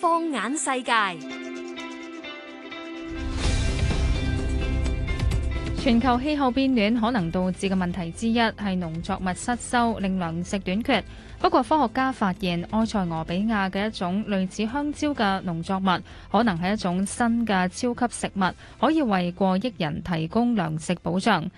放眼世界，全球氣候變暖可能導致嘅問題之一係農作物失收，令糧食短缺。不過，科學家發現埃塞俄比亞嘅一種類似香蕉嘅農作物，可能係一種新嘅超級食物，可以為過億人提供糧食保障。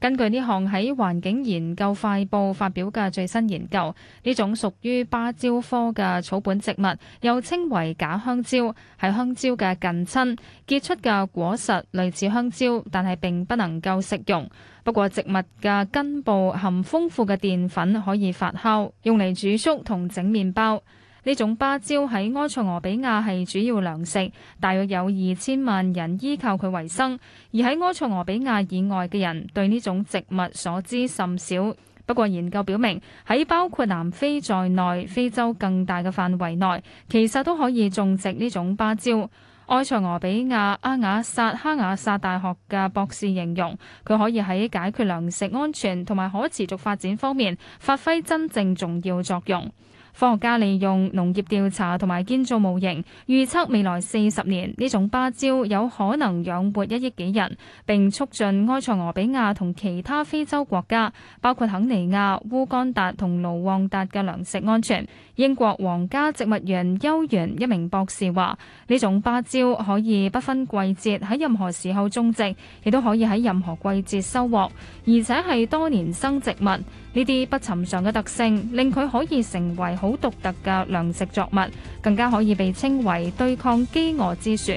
根據呢項喺《環境研究快報》發表嘅最新研究，呢種屬於芭蕉科嘅草本植物，又稱為假香蕉，係香蕉嘅近親，結出嘅果實類似香蕉，但係並不能夠食用。不過，植物嘅根部含豐富嘅澱粉，可以發酵用嚟煮粥同整麵包。呢種芭蕉喺埃塞俄比亞係主要糧食，大約有二千萬人依靠佢為生。而喺埃塞俄比亞以外嘅人對呢種植物所知甚少。不過研究表明，喺包括南非在內非洲更大嘅範圍內，其實都可以種植呢種芭蕉。埃塞俄比亞阿瓦薩哈瓦薩大學嘅博士形容，佢可以喺解決糧食安全同埋可持續發展方面發揮真正重要作用。科學家利用農業調查同埋建造模型，預測未來四十年呢種芭蕉有可能養活一億幾人，並促進埃塞俄比亞同其他非洲國家，包括肯尼亞、烏干達同盧旺達嘅糧食安全。英國皇家植物園邱園一名博士話：呢種芭蕉可以不分季節喺任何時候種植，亦都可以喺任何季節收穫，而且係多年生植物。呢啲不尋常嘅特性令佢可以成為好好獨特嘅糧食作物，更加可以被稱為對抗饑餓之樹。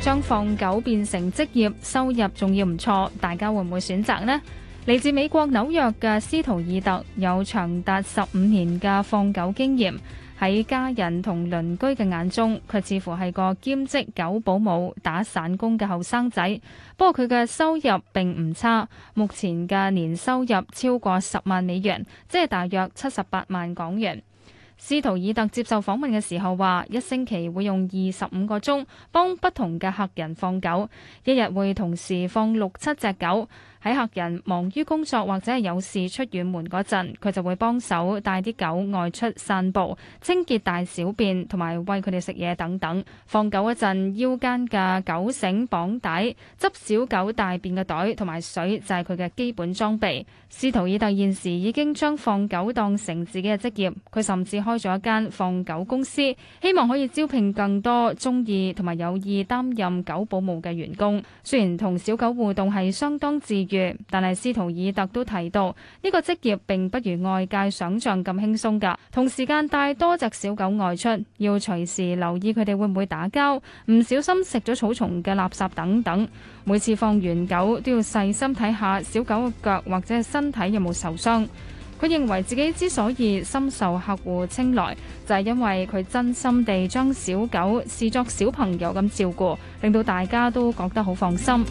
將放狗變成職業收入，仲要唔錯，大家會唔會選擇呢？嚟自美國紐約嘅斯圖爾特有長達十五年嘅放狗經驗，喺家人同鄰居嘅眼中，佢似乎係個兼職狗保姆、打散工嘅後生仔。不過佢嘅收入並唔差，目前嘅年收入超過十萬美元，即係大約七十八萬港元。斯圖爾特接受訪問嘅時候話：一星期會用二十五個鐘幫不同嘅客人放狗，一日會同時放六七隻狗。喺客人忙於工作或者係有事出遠門嗰陣，佢就會幫手帶啲狗外出散步、清潔大小便同埋餵佢哋食嘢等等。放狗嗰陣，腰間嘅狗繩綁帶、執小狗大便嘅袋同埋水就係佢嘅基本裝備。斯圖爾特現時已經將放狗當成自己嘅職業，佢甚至開咗一間放狗公司，希望可以招聘更多中意同埋有意擔任狗保姆嘅員工。雖然同小狗互動係相當治愈，但係斯圖爾特都提到，呢個職業並不如外界想象咁輕鬆㗎。同時間帶多隻小狗外出，要隨時留意佢哋會唔會打交，唔小心食咗草叢嘅垃圾等等。每次放完狗都要細心睇下小狗嘅腳或者係身體有冇受傷。佢認為自己之所以深受客戶青睞，就係因為佢真心地將小狗視作小朋友咁照顧，令到大家都覺得好放心。